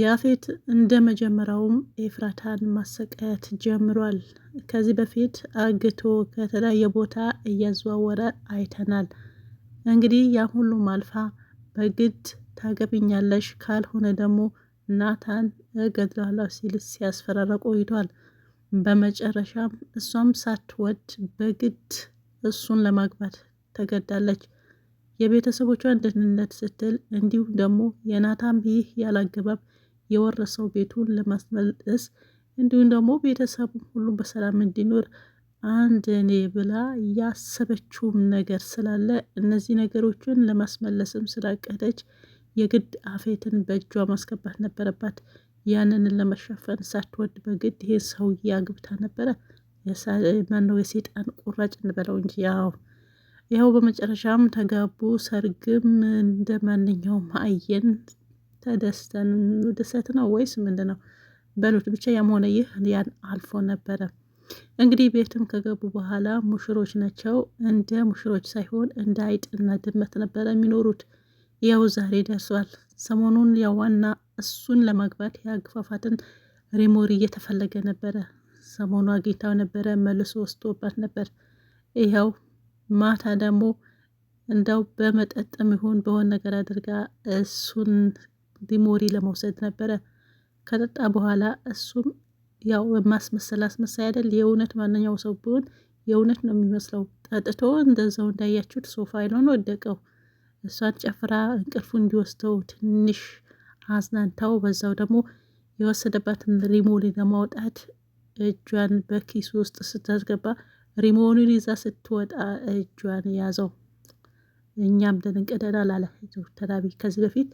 ያፌት እንደ መጀመሪያውም ኤፍራታን ማሰቃየት ጀምሯል። ከዚህ በፊት አግቶ ከተለያየ ቦታ እያዘዋወረ አይተናል። እንግዲህ ያ ሁሉም አልፋ በግድ ታገብኛለሽ፣ ካልሆነ ደግሞ ናታን እገድላለሁ ሲል ሲያስፈራራ ቆይቷል። በመጨረሻም እሷም ሳትወድ በግድ እሱን ለማግባት ተገዳለች። የቤተሰቦቿን ደህንነት ስትል እንዲሁም ደግሞ የናታን ይህ ያላገባብ የወረሰው ቤቱን ለማስመለስ እንዲሁም ደግሞ ቤተሰቡ ሁሉም በሰላም እንዲኖር አንድ እኔ ብላ ያሰበችውም ነገር ስላለ እነዚህ ነገሮችን ለማስመለስም ስላቀደች የግድ አፌትን በእጇ ማስገባት ነበረባት። ያንንን ለመሸፈን ሳትወድ በግድ ይሄ ሰውዬ አግብታ ነበረ። ማነው የሴጣን ቁራጭ እንበለው እንጂ ያው ያው በመጨረሻም ተጋቡ። ሰርግም እንደ ማንኛውም አየን። ተደስተን ድሰት ነው ወይስ ምንድን ነው? በሉት ብቻ ያም ሆነ ይህ ያን አልፎ ነበረ። እንግዲህ ቤትም ከገቡ በኋላ ሙሽሮች ናቸው። እንደ ሙሽሮች ሳይሆን እንደ አይጥና ድመት ነበረ የሚኖሩት። ያው ዛሬ ደርሷል። ሰሞኑን ዋና እሱን ለማግባት የአግፋፋትን ሪሞሪ እየተፈለገ ነበረ። ሰሞኑ አግኝታው ነበረ፣ መልሶ ወስዶባት ነበር። ይኸው ማታ ደግሞ እንደው በመጠጥም ይሁን በሆን ነገር አድርጋ እሱን ዲሞሪ ለመውሰድ ነበረ። ከጠጣ በኋላ እሱም ያው በማስመሰል አስመሳይ አይደል? የእውነት ማንኛው ሰው ቢሆን የእውነት ነው የሚመስለው። ጠጥቶ እንደዛው እንዳያችሁት ሶፋ ይሎን ወደቀው። እሷን ጨፍራ እንቅልፉ እንዲወስደው ትንሽ አዝናንታው፣ በዛው ደግሞ የወሰደባትን ሪሞሊ ለማውጣት እጇን በኪሱ ውስጥ ስታስገባ ሪሞኑን ይዛ ስትወጣ እጇን ያዘው። እኛም ደንንቀደላል አለ ተዳቢ ከዚህ በፊት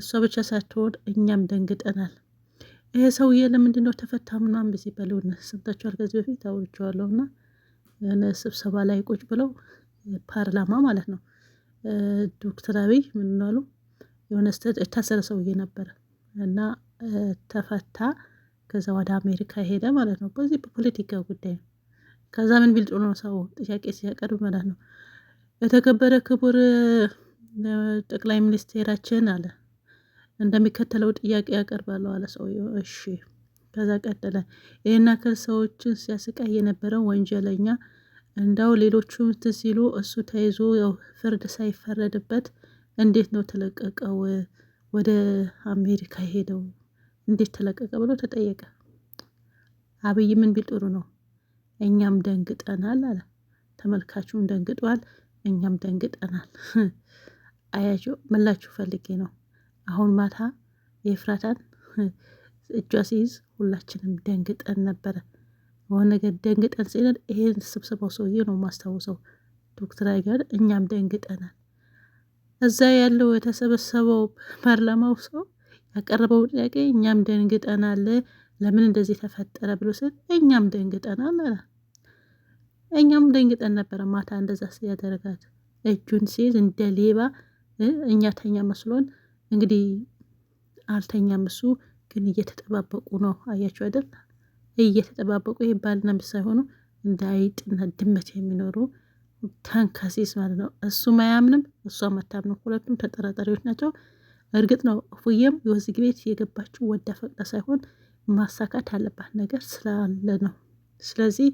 እሷ ብቻ ሳትሆን እኛም ደንግጠናል። ይሄ ሰውዬ ለምንድን ነው ተፈታ ምናምን ብዜ በልውነ ሰምታችኋል። ከዚህ በፊት አውርቼዋለሁ እና የሆነ ስብሰባ ላይ ቁጭ ብለው ፓርላማ ማለት ነው ዶክተር አብይ ምን የሆነ የታሰረ ሰውዬ ነበረ እና ተፈታ። ከዛ ወደ አሜሪካ ሄደ ማለት ነው። በዚህ በፖለቲካ ጉዳይ ነው። ከዛ ምን ቢልጡ ነው ሰው ጥያቄ ሲያቀርብ ማለት ነው የተከበረ ክቡር ጠቅላይ ሚኒስቴራችን አለ እንደሚከተለው ጥያቄ ያቀርባለሁ አለ ሰውየው። እሺ ከዛ ቀጠለ። ይህን ያክል ሰዎችን ሲያስቃይ የነበረው ወንጀለኛ እንዳው ሌሎቹም ሲሉ እሱ ተይዞ ያው ፍርድ ሳይፈረድበት እንዴት ነው ተለቀቀው ወደ አሜሪካ ሄደው እንዴት ተለቀቀ ብሎ ተጠየቀ። አብይ ምን ቢል ጥሩ ነው? እኛም ደንግጠናል አለ። ተመልካቹም ደንግጧል፣ እኛም ደንግጠናል። አያቸው መላችሁ ፈልጌ ነው አሁን ማታ የፍራታን እጇ ሲይዝ ሁላችንም ደንግጠን ነበረ። በሆነ ነገር ደንግጠን ሲለን ይሄን ስብሰባው ሰውዬ ነው ማስታውሰው ዶክተር አይገር እኛም ደንግጠናል። እዛ ያለው የተሰበሰበው ፓርላማው ሰው ያቀረበው ጥያቄ እኛም ደንግጠናል። ለምን እንደዚህ ተፈጠረ ብሎ ስል እኛም ደንግጠናል። እኛም ደንግጠን ነበረ ማታ እንደዛ ሲያደረጋት እጁን ሲይዝ እንደ ሌባ እኛ ተኛ መስሎን እንግዲህ አልተኛም እሱ ግን እየተጠባበቁ ነው። አያችሁ አይደል? እየተጠባበቁ ይህ ባልና ሚስት ሳይሆኑ እንደ አይጥና ድመት የሚኖሩ ተንከሲስ ማለት ነው። እሱ አያምንም፣ እሷ አታምንም። ሁለቱም ተጠራጣሪዎች ናቸው። እርግጥ ነው ፉየም የወዝግ ቤት የገባችው ወዳ ፈቅዳ ሳይሆን ማሳካት ያለባት ነገር ስላለ ነው። ስለዚህ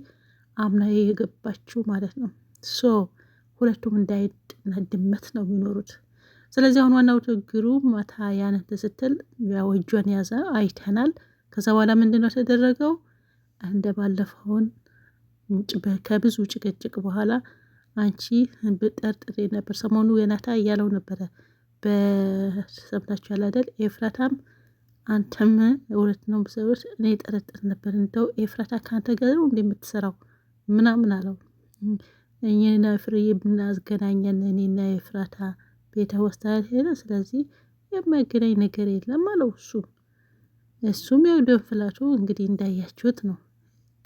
አምና የገባችው ማለት ነው። ሶ ሁለቱም እንዳይጥና ድመት ነው የሚኖሩት። ስለዚህ አሁን ዋናው ችግሩ ማታ ያነተ ስትል ያው እጇን ያዘ አይተናል። ከዛ በኋላ ምንድነው የተደረገው? እንደ ባለፈውን ከብዙ ጭቅጭቅ በኋላ አንቺ ብጠርጥሬ ነበር ሰሞኑ የናታ እያለው ነበረ። በሰምታችሁ ያላደል ኤፍራታም አንተም እውነት ነው ብሰሩት እኔ ጠረጥር ነበር። እንደው ኤፍራታ ከአንተ ጋር እንደምትሰራው ምናምን አለው። እኔና ፍሬ ብናዝገናኘን እኔና ኤፍራታ ቤተ ውስጥ ሄደ። ስለዚህ የሚያገናኝ ነገር የለም አለው። እሱም እሱም ያው ደንፍላቱ እንግዲህ እንዳያችሁት ነው።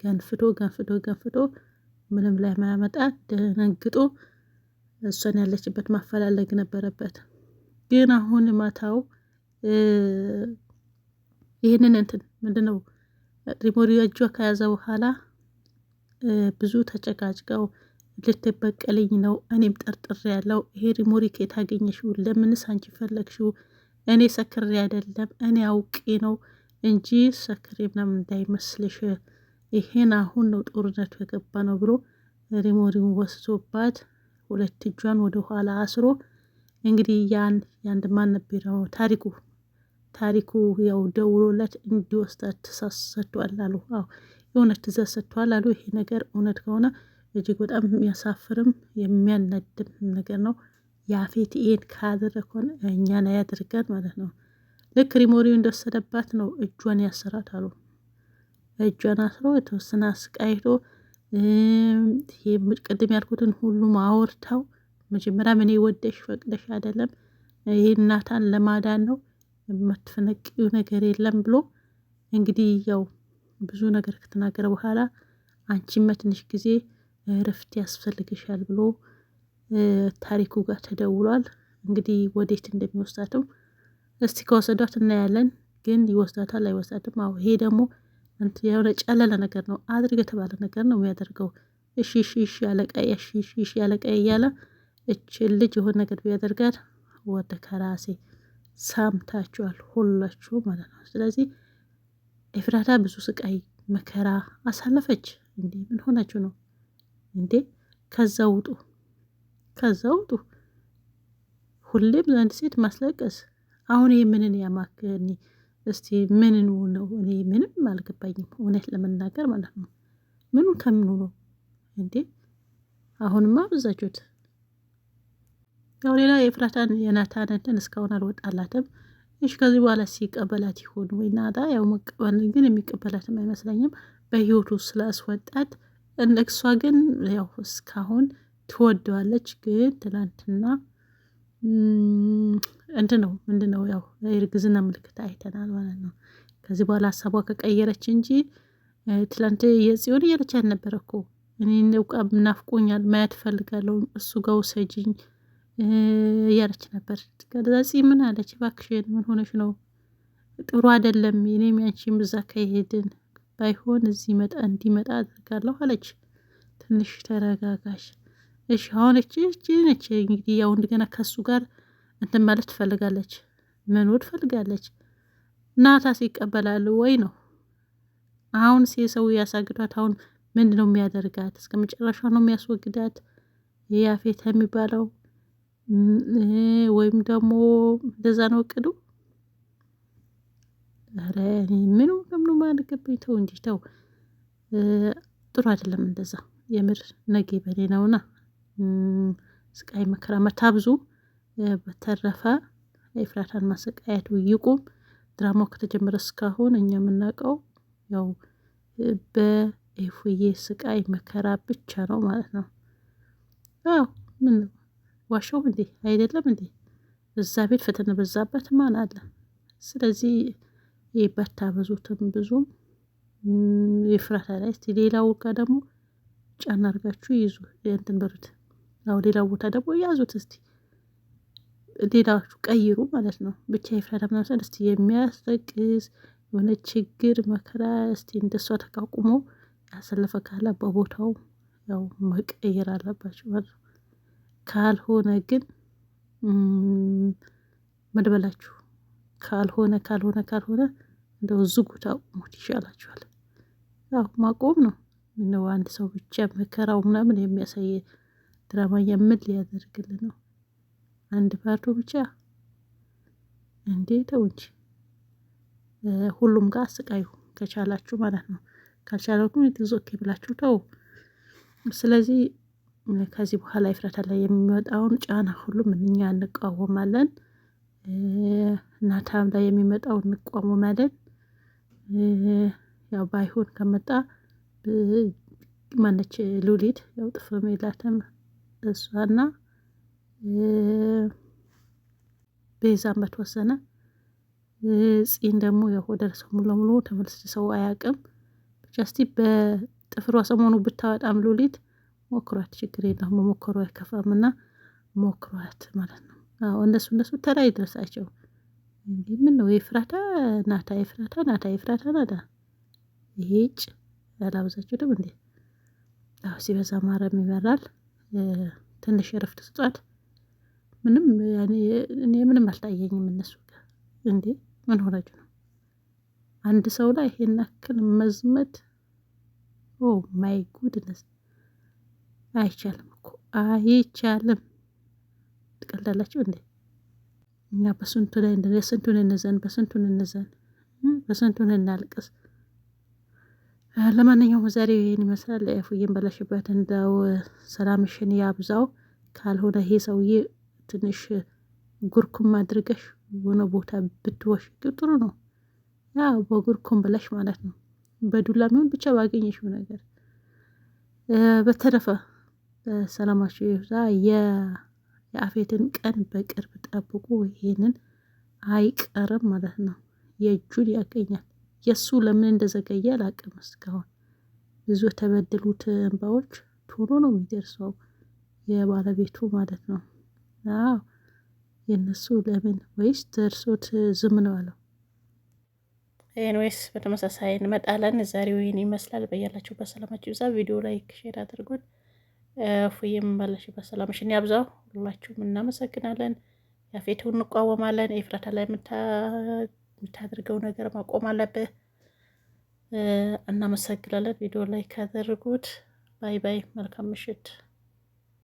ገንፍቶ ገንፍቶ ገንፍቶ ምንም ላይ ማያመጣ ደነግጦ እሷን ያለችበት ማፈላለግ ነበረበት። ግን አሁን ማታው ይህንን እንትን ምንድነው ሪሞሪያጇ ከያዘ በኋላ ብዙ ተጨቃጭቀው ልትበቀልኝ ነው። እኔም ጠርጥሬ ያለው ይሄ ሪሞሪክ የታገኘሽው አገኘሽው? ለምንስ አንቺ ፈለግሽው? እኔ ሰክሬ አይደለም እኔ አውቄ ነው እንጂ ሰክሬ ምናምን እንዳይመስልሽ ይሄን አሁን ነው ጦርነቱ የገባ ነው ብሎ ሪሞሪን ወስዶባት ሁለት እጇን ወደ ኋላ አስሮ እንግዲህ ያን ያንድ ማን ነበረው ታሪኩ ታሪኩ ያው ደውሎለት እንዲወስዳት ተሳሰቷል አሉ። አዎ የእውነት ትእዛዝ ሰጥቷል አሉ። ይሄ ነገር እውነት ከሆነ እጅግ በጣም የሚያሳፍርም የሚያናድም ነገር ነው። የአፌት ኤን ካደረኮን እኛን አያድርገን ማለት ነው። ልክ ሪሞሪው እንደወሰደባት ነው እጇን ያሰራት አሉ። እጇን አስሮ የተወሰነ አስቃይቶ ቅድም ያልኩትን ሁሉም አወርታው መጀመሪያ ምን ወደሽ ፈቅደሽ አይደለም ይህ እናታን ለማዳን ነው የምትፈነቂው ነገር የለም ብሎ እንግዲህ ያው ብዙ ነገር ከተናገረ በኋላ አንቺ መትንሽ ጊዜ እረፍት ያስፈልግሻል ብሎ ታሪኩ ጋር ተደውሏል። እንግዲህ ወዴት እንደሚወስዳትም እስቲ ከወሰዷት እናያለን። ግን ይወስዳታል አይወስዳትም? አዎ ይሄ ደግሞ የሆነ ጨለለ ነገር ነው፣ አድርግ የተባለ ነገር ነው የሚያደርገው። እሺ እሺ እሺ አለቃዬ፣ እሺ እሺ እሺ እያለ እች ልጅ የሆነ ነገር ቢያደርጋት ወደ ከራሴ ሳምታችኋል ሁላችሁ ማለት ነው። ስለዚህ ኤፍራታ ብዙ ስቃይ መከራ አሳለፈች። እንዲህ ምን ሆናችሁ ነው? እንዴ ከዛ ውጡ፣ ከዛ ውጡ። ሁሌም ለአንድ ሴት ማስለቀስ አሁን ይህ ምንን ያማክኒ? እስቲ ምንን ነው? እኔ ምንም አልገባኝም፣ እውነት ለመናገር ማለት ነው። ምኑ ከምኑ ነው እንዴ? አሁንማ አበዛችሁት። ያው ሌላ የፍራታን የናታንን እስካሁን አልወጣላትም። እሺ ከዚህ በኋላ ሲቀበላት ይሆን ወይ ናታ? ያው መቀበል ግን የሚቀበላትም አይመስለኝም በህይወቱ ስላስወጣት እሷ ግን ያው እስካሁን ትወደዋለች። ግን ትላንትና እንትን ነው ምንድን ነው ያው የእርግዝና ምልክት አይተናል ማለት ነው። ከዚህ በኋላ ሀሳቧ ከቀየረች እንጂ ትላንት የጽዮን እያለች አልነበረ እኮ እኔ እውቃ ናፍቆኛል፣ ማየት ፈልጋለሁ፣ እሱ ጋር ውሰጅኝ እያለች ነበር። ከዛጺ ምን አለች? እባክሽን ምን ሆነሽ ነው? ጥሩ አይደለም። እኔም ያንቺም እዛ ከሄድን ባይሆን እዚህ መጣ እንዲመጣ አድርጋለሁ አለች። ትንሽ ተረጋጋሽ። እሺ አሁን እቺ እቺ ነች እንግዲህ ያው እንደገና ከሱ ጋር እንትን ማለት ትፈልጋለች፣ መኖር ትፈልጋለች። ናታስ ይቀበላል ወይ ነው አሁን ሰው ያሳግዷት። አሁን ምንድን ነው የሚያደርጋት? እስከ መጨረሻ ነው የሚያስወግዳት ያፌት የሚባለው ወይም ደግሞ እንደዛ ነው እቅዱ። ኧረ እኔ ምኑ ለምኑም አልገባኝ። ተው እንጂ ተው፣ ጥሩ አይደለም እንደዛ። የምር ነገ በሌ ነውና ስቃይ መከራ መታብዙ። በተረፈ ኤፍራታን ማሰቃየቱ ይቁም። ድራማው ከተጀመረ እስካሁን እኛ የምናውቀው ያው በኤፍዬ ስቃይ መከራ ብቻ ነው ማለት ነው። አዎ ምን ዋሻው እንዴ አይደለም እንዴ? እዛ ቤት ፈተና በዛበት ማን አለ? ስለዚህ የበርታ ብዙትም ብዙም ይፍረታ ላይ እስቲ ሌላ ጋ ደግሞ ጫና አድርጋችሁ ይዙ እንትን በሉት። አዎ ሌላ ቦታ ደግሞ ያዙት እስቲ ሌላችሁ ቀይሩ ማለት ነው። ብቻ ይፍረታ ምናምን እስቲ የሚያስጠቅስ የሆነ ችግር መከራ እስቲ እንደሷ ተቋቁሞ ያሰለፈ ካለ በቦታው ያው መቀየር አለባቸው ማለት ነው። ካልሆነ ግን መድበላችሁ ካልሆነ ካልሆነ ካልሆነ እንደው እዙ አቁሙት ይሻላችኋል። ማቆም ነው ምነው አንድ ሰው ብቻ መከራው ምናምን የሚያሳየ ድራማ የምን ሊያደርግልን ነው? አንድ ፓርቱ ብቻ እንዴ ተው እንጂ ሁሉም ጋር አስቃዩ ከቻላችሁ ማለት ነው። ካልቻለው ግን ኦኬ ብላችሁ ተው። ስለዚህ ከዚህ በኋላ ይፍረታ ላይ የሚመጣውን ጫና ሁሉም እኛ እንቃወማለን። ናታም ላይ የሚመጣውን እንቃወማለን። ያው ባይሆን ከመጣ ማነች ሉሊት ያው ጥፍር የላትም እሷና ቤዛን በተወሰነ ጺን ደግሞ ያው ወደ ርዕሰ ሙሉ ለሙሉ ሰው አያውቅም። ብቻ እስቲ በጥፍሯ ሰሞኑ ብታወጣም ሉሊት ሞክሯት፣ ችግር የለውም መሞከሩ አይከፋም እና ሞክሯት ማለት ነው። አዎ እነሱ እነሱ ተራ ይድረሳቸው። እንዴ ነው ኤፍራታ ናታ ኤፍራታ ናታ የፍራታ ናታ ይሄጭ ያላበዛችሁትም እንዴ? አዎ ሲበዛ ማረም ይበራል ትንሽ እረፍት ስጧት። ምንም እኔ ምንም አልታየኝም። እነሱ ጋር እንዴ ምን ሆነች ነው? አንድ ሰው ላይ ይሄን ያክል መዝመት? ኦ ማይ ጉድነስ! አይቻልም እኮ አይቻልም። ትቀልዳላችሁ እንዴ? እኛ በስንቱ ላይ የስንቱን እንዘን በስንቱን እንዘን በስንቱን እናልቅስ። ለማንኛውም ዛሬ ይህን ይመስላል። ፉዬን በለሽበት እንደው ሰላምሽን ያብዛው። ካልሆነ ይሄ ሰውዬ ትንሽ ጉርኩም አድርገሽ የሆነ ቦታ ብትወሽ ጥሩ ነው። ያ በጉርኩም ብለሽ ማለት ነው። በዱላ ምን ብቻ ባገኘሽው ነገር። በተረፈ ሰላማችሁ ይብዛ። የአፌትን ቀን በቅርብ ሲጠብቁ ይሄንን አይቀርም ማለት ነው። የእጁን ያገኛል። የእሱ ለምን እንደዘገየ አላቅም። እስካሁን ብዙ የተበደሉት እንባዎች ቶሎ ነው የሚደርሰው የባለቤቱ ማለት ነው። አዎ የእነሱ ለምን ወይስ ደርሶት ዝም ነው አለው። ይህን ወይስ በተመሳሳይ እንመጣለን። ዛሬው ይህን ይመስላል። በያላችሁ በሰላማችሁ ይብዛ። ቪዲዮ ላይክ፣ ሼር አድርጎን እፎዬም ባለሽበት ሰላምሽን ያብዛው። ሁላችሁም እናመሰግናለን። ያፌቱን እንቋወማለን። ኤፍራታ ላይ የምታደርገው ነገር ማቆም አለብህ። እናመሰግናለን። ቪዲዮ ላይ ካደረጉት ባይ ባይ። መልካም ምሽት።